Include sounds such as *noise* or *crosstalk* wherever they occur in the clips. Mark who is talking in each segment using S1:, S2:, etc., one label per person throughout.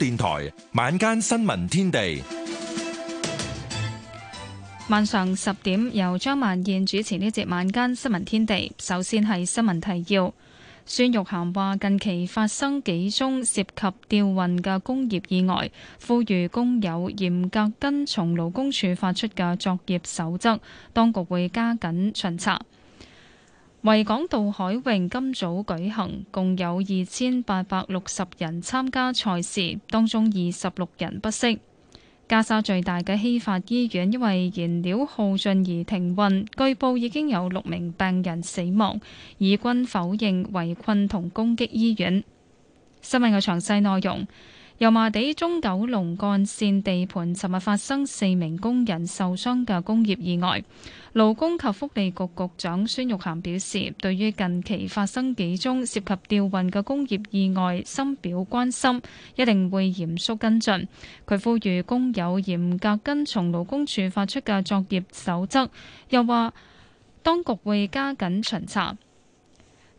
S1: 電台晚間新聞天地，
S2: 晚上十點由張萬燕主持呢節晚間新聞天地。首先係新聞提要，孫玉涵話近期發生幾宗涉及吊運嘅工業意外，呼籲工友嚴格跟從勞工處發出嘅作業守則，當局會加緊巡查。維港渡海泳今早舉行，共有二千八百六十人參加賽事，當中二十六人不適。加沙最大嘅希法醫院因為燃料耗盡而停運，據報已經有六名病人死亡。以軍否認圍困同攻擊醫院。新聞嘅詳細內容。油麻地中九龍幹線地盤尋日發生四名工人受傷嘅工業意外，勞工及福利局局長孫玉菡表示，對於近期發生幾宗涉及吊運嘅工業意外深表關心，一定會嚴肅跟進。佢呼籲工友嚴格跟從勞工處發出嘅作業守則，又話當局會加緊巡查。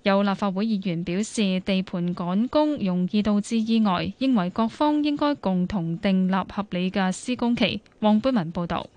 S2: 有立法會議員表示，地盤趕工容易導致意外，認為各方應該共同
S3: 訂立合理嘅
S2: 施工期。黃貝文報導，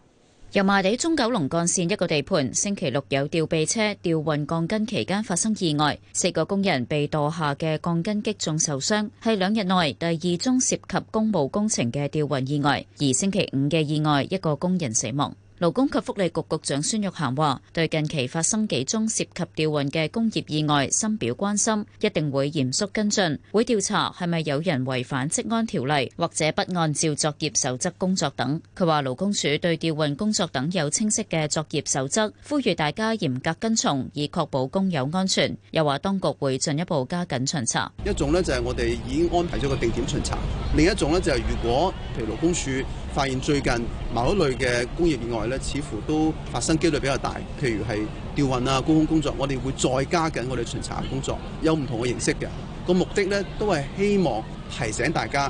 S3: 油麻地中九龍幹線一個地盤，星期六有吊臂車吊運鋼筋期間發生意外，四個工人被墮下嘅鋼筋擊中受傷，係兩日內第二宗涉及工務工程嘅吊運意外，而星期五嘅意外一個工人死亡。勞工及福利局局長孫玉菡話，對近期發生幾宗涉及吊運嘅工業意外深表關心，一定會嚴肅跟進，會調查係咪有人違反職安條例或者不按照作業守則工作等。佢話勞工處對吊運工作等有清晰嘅作業守則，呼籲大家嚴格跟從，以確保工友安全。又話當局會進一步加緊巡查，
S1: 一種呢，就係我哋已經安排咗個定點巡查，另一種呢，就係如果譬如勞工處。發現最近某一類嘅工業意外呢，似乎都發生幾率比較大，譬如係吊運啊、高空工作，我哋會再加緊我哋巡查工作，有唔同嘅形式嘅，個目的呢，都係希望提醒大家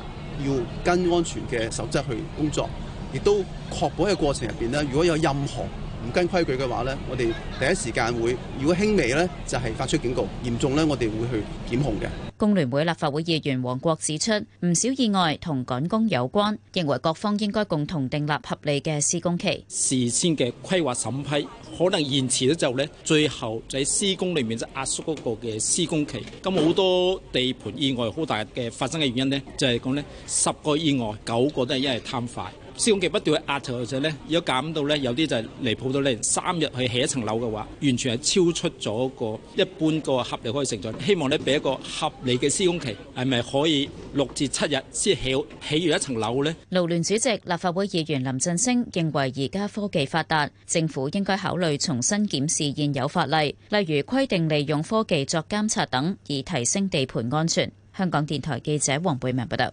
S1: 要跟安全嘅守則去工作，亦都確保喺過程入邊呢，如果有任何。唔跟規矩嘅話呢，我哋第一時間會；如果輕微呢，就係發出警告；嚴重呢，我哋會去檢控嘅。
S3: 工聯會立法會議員黃國指出，唔少意外同趕工有關，認為各方應該共同訂立合理嘅施工期，
S4: 事先嘅規劃審批可能延遲咗之後呢，最後就喺施工裏面就是、壓縮嗰個嘅施工期。咁好多地盤意外好大嘅發生嘅原因呢，就係講呢，十個意外九個都係因為貪快。施工期不斷去壓頭嘅時候咧，如果減到咧，有啲就係離譜到咧，三日去起一層樓嘅話，完全係超出咗個一般個合理可以承受。希望咧俾一個合理嘅施工期，係咪可以六至七日先起起完一層樓咧？
S3: 勞聯主席立法會議員林振昇認為，而家科技發達，政府應該考慮重新檢視現有法例，例如規定利用科技作監察等，以提升地盤安全。香港電台記者黃貝明報道。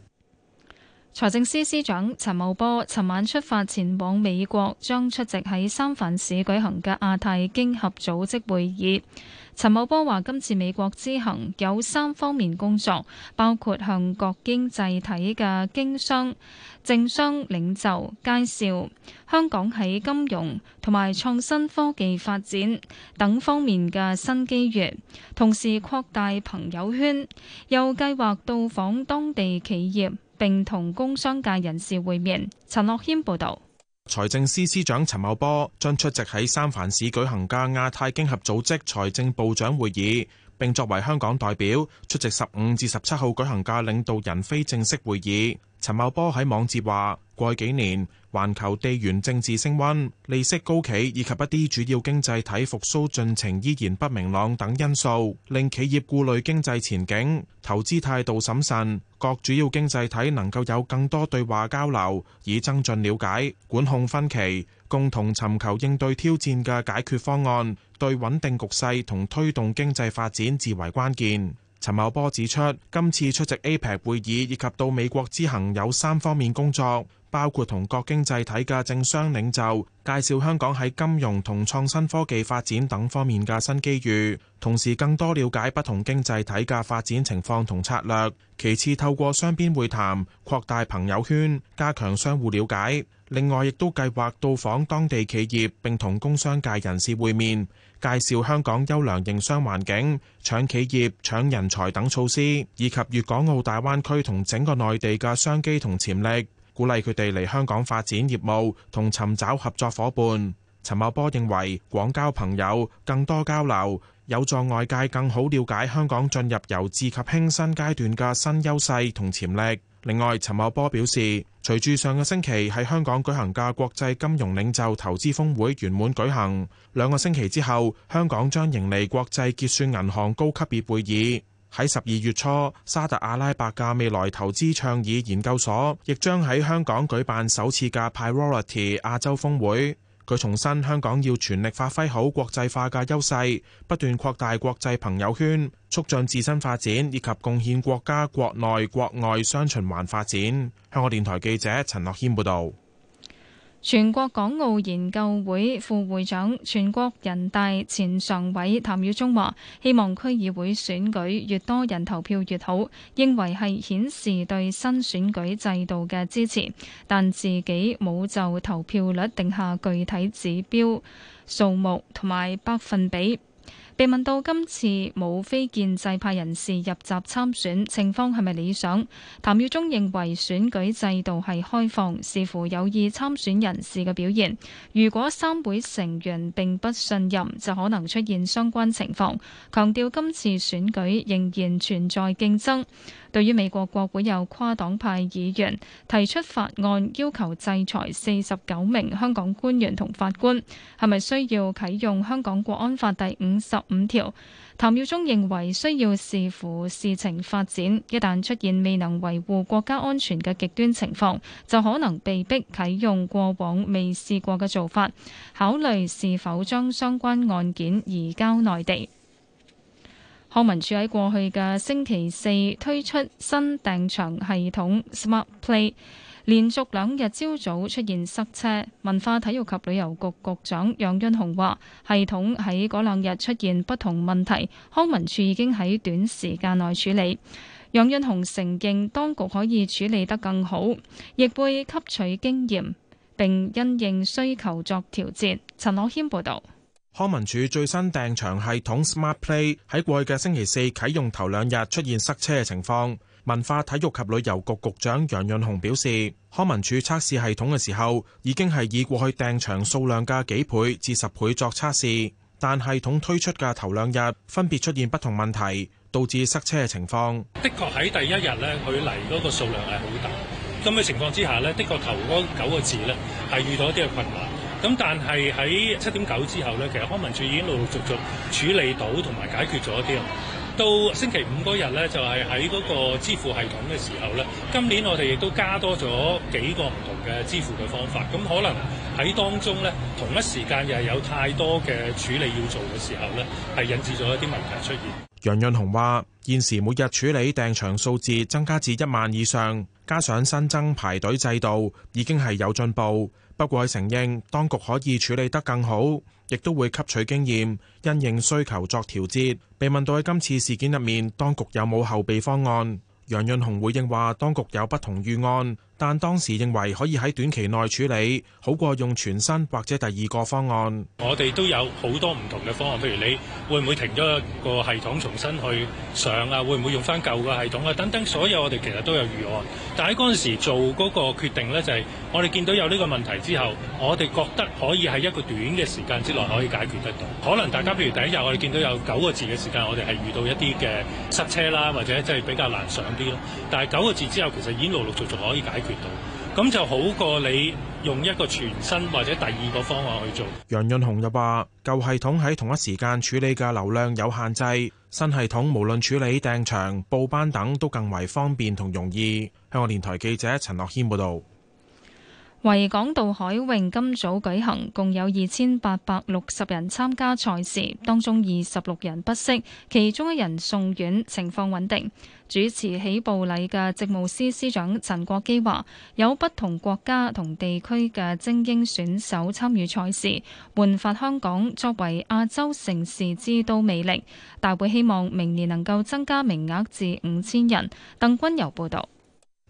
S3: 財政司司
S2: 長陳茂波，尋晚出發前往美國，將出席喺三藩市舉行嘅亞太經合組織會議。陳茂波話，今次美國之行有三方面工作，包括向各經濟體嘅經商政商領袖介紹香港喺金融同埋創新科技發展等方面嘅新機遇，同時擴大朋友圈，又計劃到訪當地企業。並同工商界人士會面。陳樂謙報道，
S5: 財政司司,司長陳茂波將出席喺三藩市舉行嘅亞太經合組織財政部長會議，並作為香港代表出席十五至十七號舉行嘅領導人非正式會議。陳茂波喺網誌話：過去幾年，環球地緣政治升温、利息高企以及一啲主要經濟體復蘇進程依然不明朗等因素，令企業顧慮經濟前景、投資態度審慎。各主要經濟體能夠有更多對話交流，以增進了解、管控分歧、共同尋求應對挑戰嘅解決方案，對穩定局勢同推動經濟發展至為關鍵。陳茂波指出，今次出席 APEC 會議以及到美國之行有三方面工作。包括同各經濟體嘅政商領袖介紹香港喺金融同創新科技發展等方面嘅新機遇，同時更多了解不同經濟體嘅發展情況同策略。其次，透過雙邊會談擴大朋友圈，加強相互了解。另外，亦都計劃到訪當地企業並同工商界人士會面，介紹香港優良營商環境、搶企業、搶人才等措施，以及粵港澳大灣區同整個內地嘅商機同潛力。鼓勵佢哋嚟香港發展業務同尋找合作夥伴。陳茂波認為，廣交朋友、更多交流，有助外界更好了解香港進入由治及興新階段嘅新優勢同潛力。另外，陳茂波表示，隨住上個星期喺香港舉行嘅國際金融領袖投資峰會圓滿舉行，兩個星期之後，香港將迎嚟國際結算銀行高級別會議。喺十二月初，沙特阿拉伯嘅未來投資倡議研究所亦將喺香港舉辦首次嘅 Priority 亞洲峰會。佢重申香港要全力發揮好國際化嘅優勢，不斷擴大國際朋友圈，促進自身發展，以及貢獻國家國內國外雙循環發展。香港電台記者陳樂謙報道。
S2: 全國港澳研究會副會長、全國人大前常委譚耀宗話：希望區議會選舉越多人投票越好，認為係顯示對新選舉制度嘅支持，但自己冇就投票率定下具體指標、數目同埋百分比。被問到今次冇非建制派人士入閘參選情況係咪理想，譚耀宗認為選舉制度係開放，視乎有意參選人士嘅表現。如果三會成員並不信任，就可能出現相關情況。強調今次選舉仍然存在競爭。對於美國國會有跨黨派議員提出法案，要求制裁四十九名香港官員同法官，係咪需要啟用香港國安法第五十五條？譚耀宗認為需要視乎事情發展，一旦出現未能維護國家安全嘅極端情況，就可能被迫啟用過往未試過嘅做法，考慮是否將相關案件移交內地。康文署喺過去嘅星期四推出新訂場系統 SmartPlay，連續兩日朝早出現塞車。文化體育及旅遊局局長楊潤雄話：系統喺嗰兩日出現不同問題，康文署已經喺短時間內處理。楊潤雄承認當局可以處理得更好，亦會吸取經驗並因應需求作調節。陳樂軒報導。
S5: 康文署最新訂場系統 Smart Play 喺過去嘅星期四啟用，頭兩日出現塞車嘅情況。文化體育及旅遊局局長楊潤雄表示，康文署測試系統嘅時候，已經係以過去訂場數量嘅幾倍至十倍作測試，但系統推出嘅頭兩日分別出現不同問題，導致塞車嘅情況。
S1: 的確喺第一日呢，佢嚟嗰個數量係好大，咁嘅情況之下呢，的確頭嗰九個字呢，係遇到一啲嘅困難。咁但係喺七點九之後咧，其實康文署已經陸陸續續處理到同埋解決咗一啲啦。到星期五嗰日咧，就係喺嗰個支付系統嘅時候咧，今年我哋亦都加多咗幾個唔同嘅支付嘅方法。咁可能喺當中咧，同一時間又係有太多嘅處理要做嘅時候咧，係引致咗一啲問題出現。
S5: 楊潤雄話現時每日處理訂場數字增加至一萬以上，加上新增排隊制度，已經係有進步。不過，佢承認當局可以處理得更好，亦都會吸取經驗，因應需求作調節。被問到喺今次事件入面，當局有冇後備方案？楊潤雄回應話：當局有不同預案。但當時認為可以喺短期內處理，好過用全新或者第二個方案。
S1: 我哋都有好多唔同嘅方案，譬如你會唔會停咗一個系統重新去上啊？會唔會用翻舊嘅系統啊？等等，所有我哋其實都有預案。但喺嗰陣時做嗰個決定呢，就係我哋見到有呢個問題之後，我哋覺得可以喺一個短嘅時間之內可以解決得到。可能大家譬如第一日我哋見到有九個字嘅時間，我哋係遇到一啲嘅塞車啦，或者即係比較難上啲咯。但係九個字之後，其實已經陸陸續續可以解決。咁就好過你用一個全新或者第二個方案去做。
S5: 楊潤雄又話：舊系統喺同一時間處理嘅流量有限制，新系統無論處理訂場、報班等，都更為方便同容易。香港電台記者陳樂謙報道。
S2: 維港渡海泳今早舉行，共有二千八百六十人參加賽事，當中二十六人不適，其中一人送院，情況穩定。主持起步禮嘅政務司司長陳國基話，有不同國家同地區嘅精英選手參與賽事，煥發香港作為亞洲城市之都魅力。大會希望明年能夠增加名額至五千人。鄧君柔報道。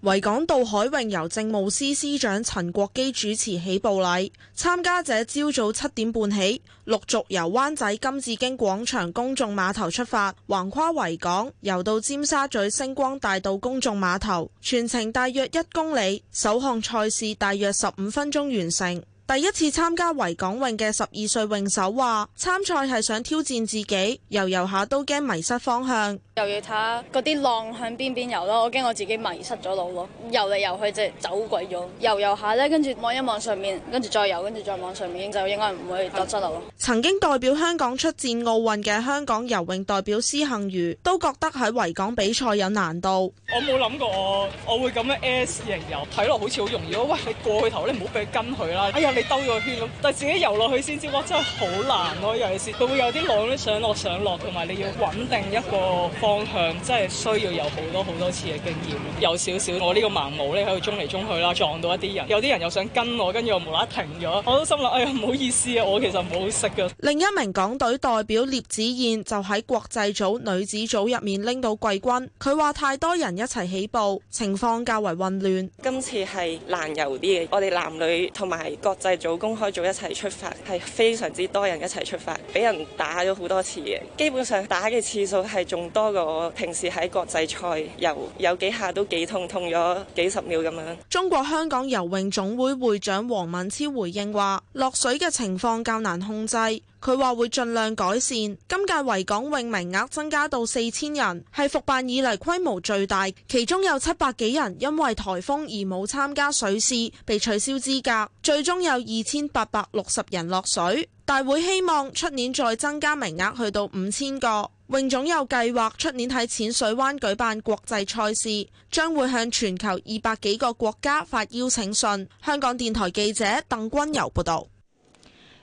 S6: 維港渡海泳由政務司司長陳國基主持起步禮，參加者朝早七點半起，陸續由灣仔金紫荊廣場公眾碼頭出發，橫跨維港，游到尖沙咀星光大道公眾碼頭，全程大約一公里，首項賽事大約十五分鐘完成。第一次參加維港泳嘅十二歲泳手話，參賽係想挑戰自己，游游下都驚迷失方向，又要睇下嗰啲浪向邊邊游咯，我驚我自己迷失咗路咯，游嚟游去就走鬼咗，游游下咧，跟住望一望上面，跟住再游，跟住再望上面就應該唔會多失路咯。的曾經代表香港出戰奧運嘅香港游泳代表施幸余都覺得喺維港比賽有難度，
S4: 我冇諗過我我會咁樣 S 型游，睇落好似好容易咯，喂，你過去頭你唔好俾佢跟佢啦，哎兜咗圈咁，但係自己游落去先知，哇！真係好難咯，尤其是佢會有啲浪，上落上落，同埋你要穩定一個方向，真係需要有好多好多次嘅經驗。有少少，我呢個盲毛咧喺度衝嚟衝去啦，撞到一啲人，有啲人又想跟我，跟住我無啦停咗，我都心諗，哎呀，唔好意思啊，我其實唔好識㗎。
S6: 另一名港隊代表聶子燕就喺國際組女子組入面拎到季軍，佢話太多人一齊起，起步，情況較為混亂。
S2: 今次係難遊啲嘅，我哋男女同埋各。就係組公開組一齊出發，係非常之多人一齊出發，俾人打咗好多次嘅，基本上打嘅次數係仲多過我平時喺國際賽遊，有幾下都幾痛，痛咗幾十秒咁樣。
S6: 中國香港游泳總會會長黃敏超回應話：落水嘅情況較難控制。佢話會盡量改善，今屆維港泳名額增加到四千人，係復辦以嚟規模最大。其中有七百幾人因為颱風而冇參加水試，被取消資格。最終有二千八百六十人落水。大會希望出年再增加名額去到五千個。泳總有計劃出年喺淺水灣舉辦國際賽事，將會向全球二百幾個國家發邀請信。香港電台記者鄧君遊報導。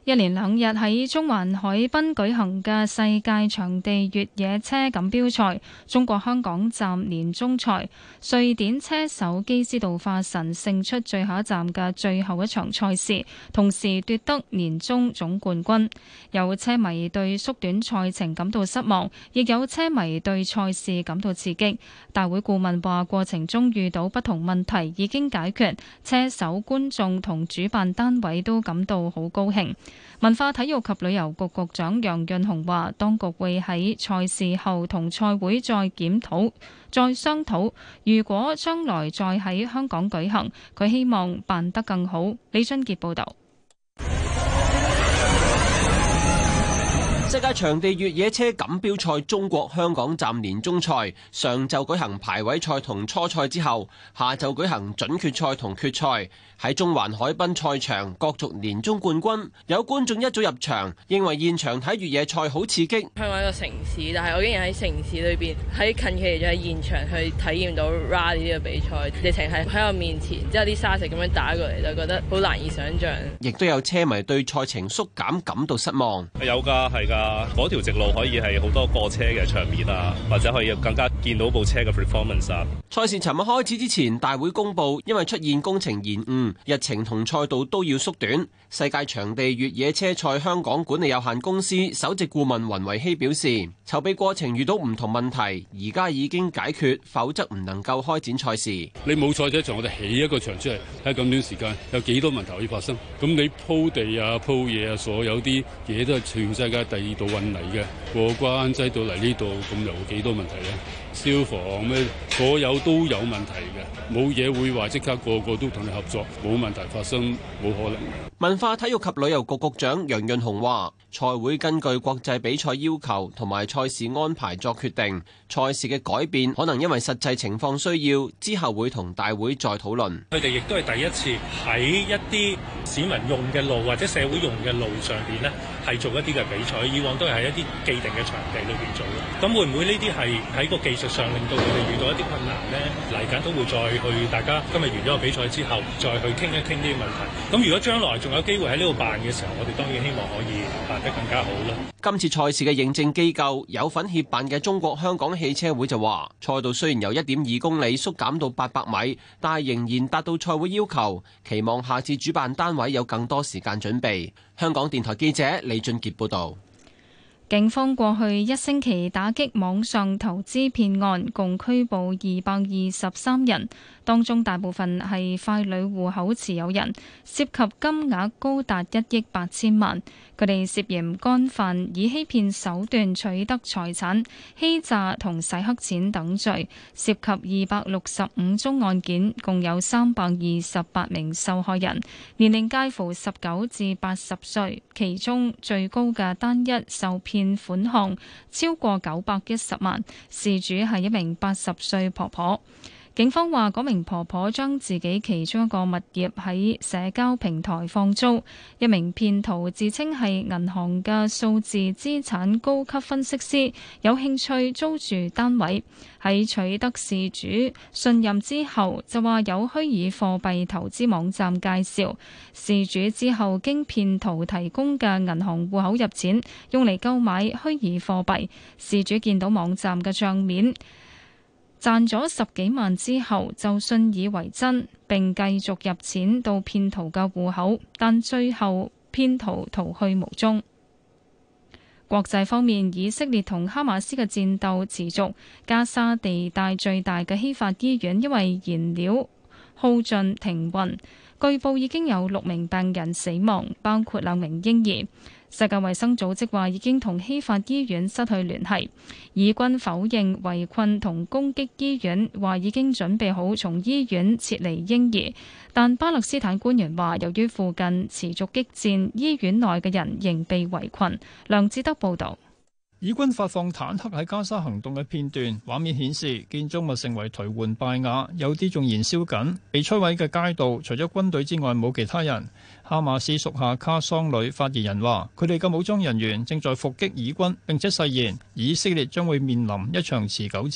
S2: 一連兩日喺中環海濱舉行嘅世界場地越野車錦標賽，中國香港站年終賽，瑞典車手基斯道化神勝出最後一站嘅最後一場賽事，同時奪得年終總冠軍。有車迷對縮短賽程感到失望，亦有車迷對賽事感到刺激。大會顧問話：過程中遇到不同問題已經解決，車手、觀眾同主辦單位都感到好高興。文化體育及旅遊局局長楊潤雄話，當局會喺賽事後同賽會再檢討、再商討，如果將來再喺香港舉行，佢希望辦得更好。李俊傑報導。
S7: 世界場地越野車錦標賽中國香港站年終賽上晝舉行排位賽同初賽之後，下晝舉行準決賽同決賽，喺中環海濱賽場角逐年終冠軍。有觀眾一早入場，認為現場睇越野賽好刺激。
S6: 香港一個城市，但係我竟然喺城市裏邊，喺近距離就喺現場去體驗到 rally 呢個比賽，直情係喺我面前，之後啲沙石咁樣打過嚟，就覺得好難以想象。
S7: 亦都有車迷對賽程縮減感到失望。
S1: 有噶，係噶。啊！嗰條直路可以係好多過車嘅場面啊，或者可以更加見到部車嘅 performance。
S7: 賽事尋日開始之前，大會公布因為出現工程延誤，日程同賽道都要縮短。世界場地越野車賽香港管理有限公司首席顧問云維希表示，籌備過程遇到唔同問題，而家已經解決，否則唔能夠開展賽事。你冇賽車場，我哋起一個場出嚟，喺咁短
S1: 時間有幾多問題可以發生？咁你鋪地啊、鋪嘢啊，所有啲嘢都係全世界第。呢度運嚟嘅過關制到嚟呢度，咁有幾多問題咧？ *noise* 消防咩？所有都有問題嘅，冇嘢會話即刻個個都同你合作，
S7: 冇問題發生冇可能。文化體育及旅遊局局長楊潤雄話，賽會根據國際比賽要求同埋賽事安排作決定，賽事嘅改變可能因為實際情況需要，之後會同大會再討論。
S1: 佢哋亦都係第一次喺一啲市民用嘅路或者社會用嘅路上邊咧，係做一啲嘅比賽。以往都係喺一啲既定嘅場地裏邊做嘅。咁會唔會呢啲係喺個技術？上令到佢哋遇到一啲困難咧，嚟緊都會再去大家今日完咗個比賽之後再去傾一傾呢啲問題，咁如果將來仲有機會喺呢度辦嘅時候，我哋當然希望可以辦得更加好啦。
S7: 今次賽事嘅認證機構有份協辦嘅中國香港汽車會就話賽道雖然由一點二公里縮減到八百米，但係仍然達到賽會要求。期望下次主辦單位有更多時間準備。香港電台記者李俊杰報道。
S2: 警方過去一星期打擊網上投資騙案，共拘捕二百二十三人，當中大部分係傀儡戶口持有人，涉及金額高達一億八千萬。佢哋涉嫌干犯以欺騙手段取得財產、欺詐同洗黑錢等罪，涉及二百六十五宗案件，共有三百二十八名受害人，年齡介乎十九至八十歲，其中最高嘅單一受騙款項超過九百一十萬，事主係一名八十歲婆婆。警方話：嗰名婆婆將自己其中一個物業喺社交平台放租，一名騙徒自稱係銀行嘅數字資產高級分析師，有興趣租住單位。喺取得事主信任之後，就話有虛擬貨幣投資網站介紹，事主之後經騙徒提供嘅銀行戶口入錢，用嚟購買虛擬貨幣。事主見到網站嘅帳面。賺咗十幾萬之後，就信以為真，並繼續入錢到騙徒嘅戶口，但最後騙徒逃去無蹤。國際方面，以色列同哈馬斯嘅戰鬥持續，加沙地帶最大嘅希法醫院因為燃料耗盡停運，據報已經有六名病人死亡，包括兩名嬰兒。世界衛生組織話已經同希法醫院失去聯繫，以軍否認圍困同攻擊醫院，話已經準備好從醫院撤離嬰兒。但巴勒斯坦官員話，由於附近持續激戰，醫院內嘅人仍被圍困。梁志德報導。
S8: 以軍發放坦克喺加沙行動嘅片段，畫面顯示建築物成為頹垣敗瓦，有啲仲燃燒緊。被摧毀嘅街道除咗軍隊之外冇其他人。哈馬斯屬下卡桑旅發言人話：佢哋嘅武裝人員正在伏擊以軍，並且誓言以色列將會面臨一場持久戰。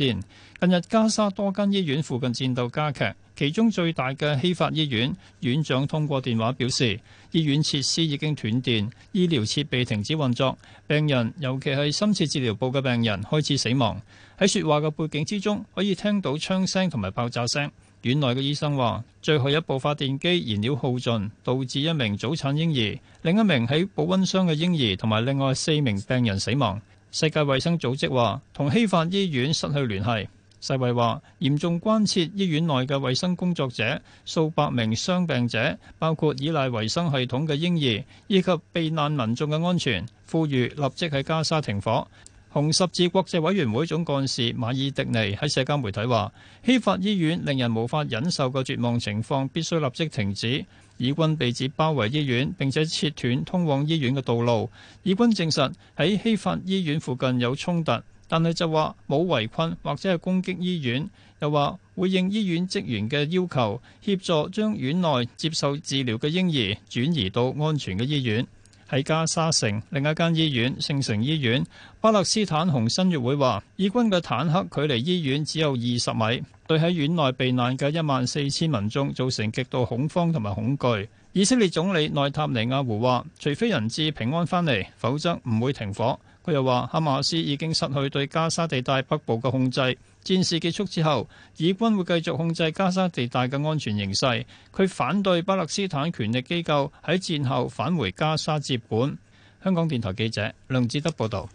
S8: 近日加沙多間醫院附近戰鬥加劇，其中最大嘅希法醫院，院院長通過電話表示。醫院設施已經斷電，醫療設備停止運作，病人，尤其係深切治療部嘅病人開始死亡。喺說話嘅背景之中，可以聽到槍聲同埋爆炸聲。院內嘅醫生話：最後一部發電機燃料耗盡，導致一名早產嬰兒、另一名喺保溫箱嘅嬰兒同埋另外四名病人死亡。世界衛生組織話同希法醫院失去聯繫。世衛話嚴重關切醫院內嘅衛生工作者、數百名傷病者，包括依賴衛生系統嘅嬰兒，以及避難民眾嘅安全，呼籲立即喺加沙停火。紅十字國際委員會總幹事馬爾迪尼喺社交媒體話：希法醫院令人無法忍受嘅絕望情況，必須立即停止。以軍被指包圍醫院，並且切斷通往醫院嘅道路。以軍證實喺希法醫院附近有衝突。但係就話冇圍困或者係攻擊醫院，又話會應醫院職員嘅要求協助將院內接受治療嘅嬰兒轉移到安全嘅醫院。喺加沙城另一間醫院聖城醫院，巴勒斯坦紅新月會話，以軍嘅坦克距離醫院只有二十米，對喺院內避難嘅一萬四千民眾造成極度恐慌同埋恐懼。以色列總理內塔尼亞胡話，除非人質平安返嚟，否則唔會停火。佢又話：哈馬斯已經失去對加沙地帶北部嘅控制。戰事結束之後，以軍會繼續控制加沙地帶嘅安全形勢。佢反對巴勒斯坦權力機構喺戰後返回加沙接管。香港電台記者梁志德報道。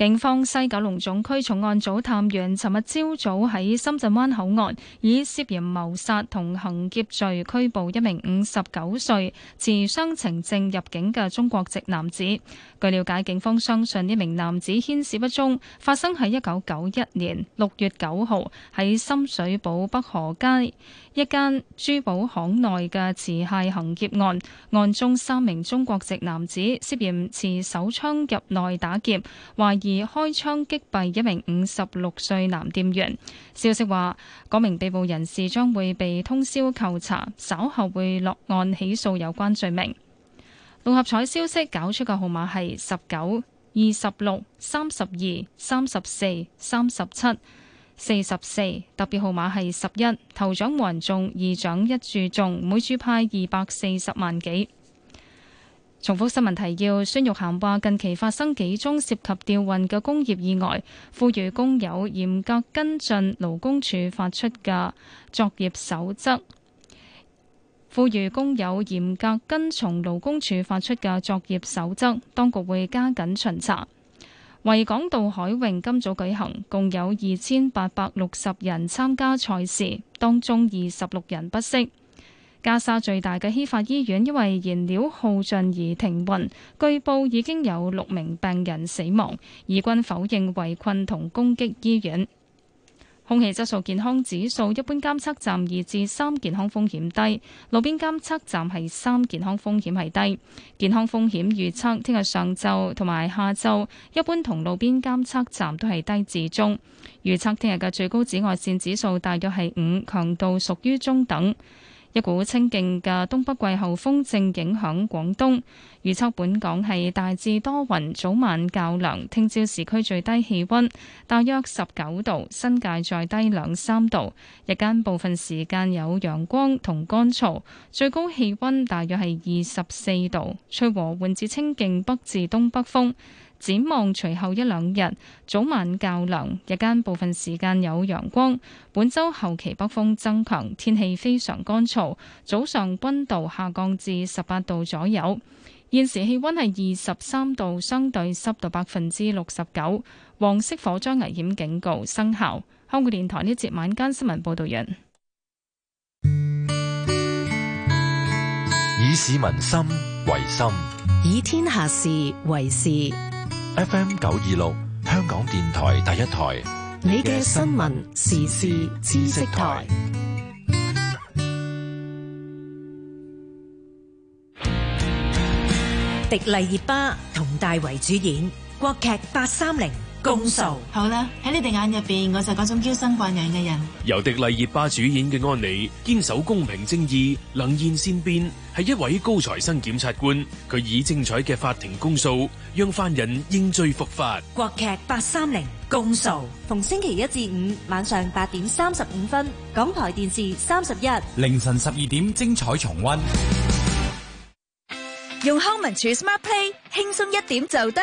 S2: 警方西九龍總區重案組探員尋日朝早喺深圳灣口岸，以涉嫌謀殺同行劫罪拘捕一名五十九歲持雙程證入境嘅中國籍男子。據了解，警方相信呢名男子牽涉不忠，發生喺一九九一年六月九號喺深水埗北河街，一間珠寶行內嘅持械行劫案，案中三名中國籍男子涉嫌持手槍入內打劫，懷疑開槍擊斃一名五十六歲男店員。消息話，嗰名被捕人士將會被通宵扣查，稍後會落案起訴有關罪名。六合彩消息搞出個號碼係十九、二十六、三十二、三十四、三十七。四十四，特別號碼係十一。頭獎冇人中，二獎一注中，每注派二百四十萬幾。重複新聞提要：孫玉菡話近期發生幾宗涉及吊運嘅工業意外，呼籲工友嚴格跟進勞工處發出嘅作業守則。呼籲工友嚴格跟從勞工處發出嘅作業守則，當局會加緊巡查。維港渡海泳今早舉行，共有二千八百六十人參加賽事，當中二十六人不適。加沙最大嘅希法醫院因為燃料耗盡而停運，據報已經有六名病人死亡，以軍否認圍困同攻擊醫院。空氣質素健康指數一般監測站二至三，健康風險低；路邊監測站係三，健康風險係低。健康風險預測聽日上晝同埋下晝，一般同路邊監測站都係低至中。預測聽日嘅最高紫外線指數大約係五，強度屬於中等。一股清勁嘅東北季候風正影響廣東，預測本港係大致多雲，早晚較涼，聽朝市區最低氣溫大約十九度，新界再低兩三度。日間部分時間有陽光同乾燥，最高氣溫大約係二十四度，吹和緩至清勁北至東北風。展望隨後一兩日，早晚較涼，日間部分時間有陽光。本周後期北風增強，天氣非常乾燥。早上温度下降至十八度左右。現時氣温係二十三度，相對濕度百分之六十九。黃色火災危險警告生效。香港電台呢節晚間新聞報道人。
S1: 以市民心為心，以
S2: 天下事為事。
S1: FM 九二六，香港電台第一台，你嘅新聞
S5: 時事知識台，
S3: 迪麗熱巴同大為
S6: 主演，國劇八三零。公訴好啦，喺你哋眼入邊，我就係嗰種嬌生慣養嘅人。
S1: 由迪麗熱巴主演嘅安妮，堅守公平正義，能言善辯，係一位高材生檢察官。佢以精彩嘅法庭公訴，讓犯人應罪服法。
S6: 國劇八三零公訴，逢星期一至五晚上八點三十五分，港台電視三十一，
S1: 凌晨十二點精彩重溫。
S6: 用康文署 Smart Play 輕鬆一點就得。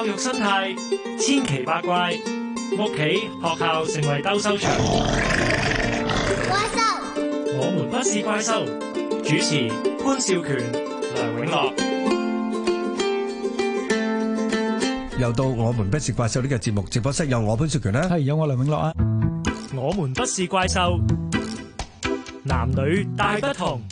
S1: 教育生態千奇百怪，屋企、學校成為鬥獸場。收怪獸，我們不是怪獸。主持潘少權、梁永樂。
S4: 又到我們不是怪獸呢個節目直播室，有我潘少權啦，係有我梁永樂啊。
S1: 我們不是怪獸，男女大不同。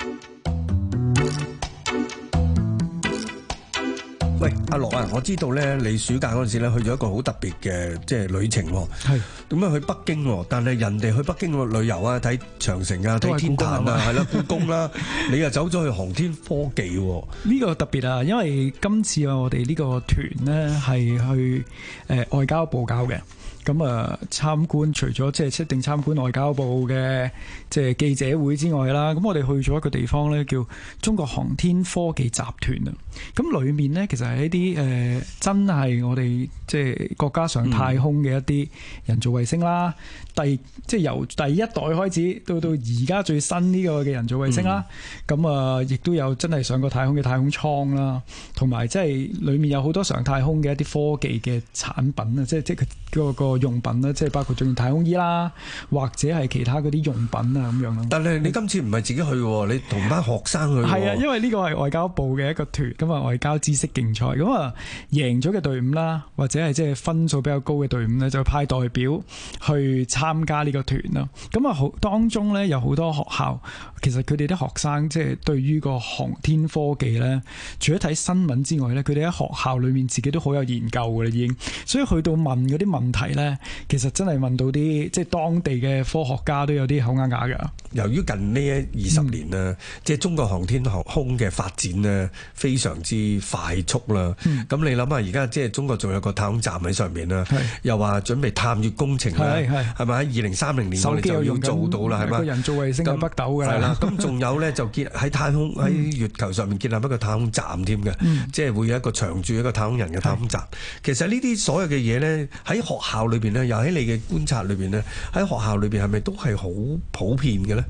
S4: 喂，阿羅啊，我知道咧，你暑假嗰陣時咧去咗一個好特別嘅即係旅程喎。係的，點解去北京？但係人哋去北京旅遊啊，睇長城啊，睇天壇啊，係啦，故宮啦， *laughs* 你又走咗
S1: 去航天科技。
S4: 呢個特別啊，因為今次我哋呢個團咧係去誒外交部搞嘅。咁啊，參觀除咗即係一定參觀外交部嘅即係記者會之外啦，咁我哋去咗一個地方咧，叫中國航天科技集團啊。咁裏面咧，其實係一啲誒、呃、真係我哋即係國家上太空嘅一啲人造衛星啦。嗯、第即係由第一代開始到到而家最新呢個嘅人造衛星啦。咁啊、嗯，亦都有真係上過太空嘅太空艙啦，同埋即係裏面有好多上太空嘅一啲科技嘅產品啊，即係即係嗰個。用品啦，即係包括仲要太空衣啦，或者係其他嗰啲用品啊，咁樣咯。但係你今次唔係自己去，你同班學生去。係啊，因為呢個係外交部嘅一個團，咁啊外交知識競賽，咁啊贏咗嘅隊伍啦，或者係即係分數比較高嘅隊伍呢，就派代表去參加呢個團啦。咁啊，好當中呢，有好多學校，其實佢哋啲學生即係、就是、對於個航天科技呢，除咗睇新聞之外呢，佢哋喺學校裏面自己都好有研究噶啦，已經。所以去到問嗰啲問題呢。其實真係問到啲即係當地嘅科學家都有啲口啞啞嘅。由於近呢一二十年啊，即係中國航天航空嘅發展咧非常之快速啦。咁你諗下，而家即係中國仲有個太空站喺上面啦，又話準備探月工程啦，係咪喺二零三零年我就要做到啦？係咪，人造衛星北斗嘅。係啦，咁仲有呢，就建喺太空喺月球上面建立一個太空站添嘅，即係會有一個長住一個太空人嘅太空站。其實呢啲所有嘅嘢呢，喺學校裏。裏邊咧，又喺你嘅觀察裏邊咧，喺學校裏邊係
S2: 咪都係好普遍嘅咧？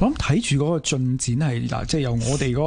S2: 我諗睇住嗰個進展係嗱，即係由我哋嗰 *laughs*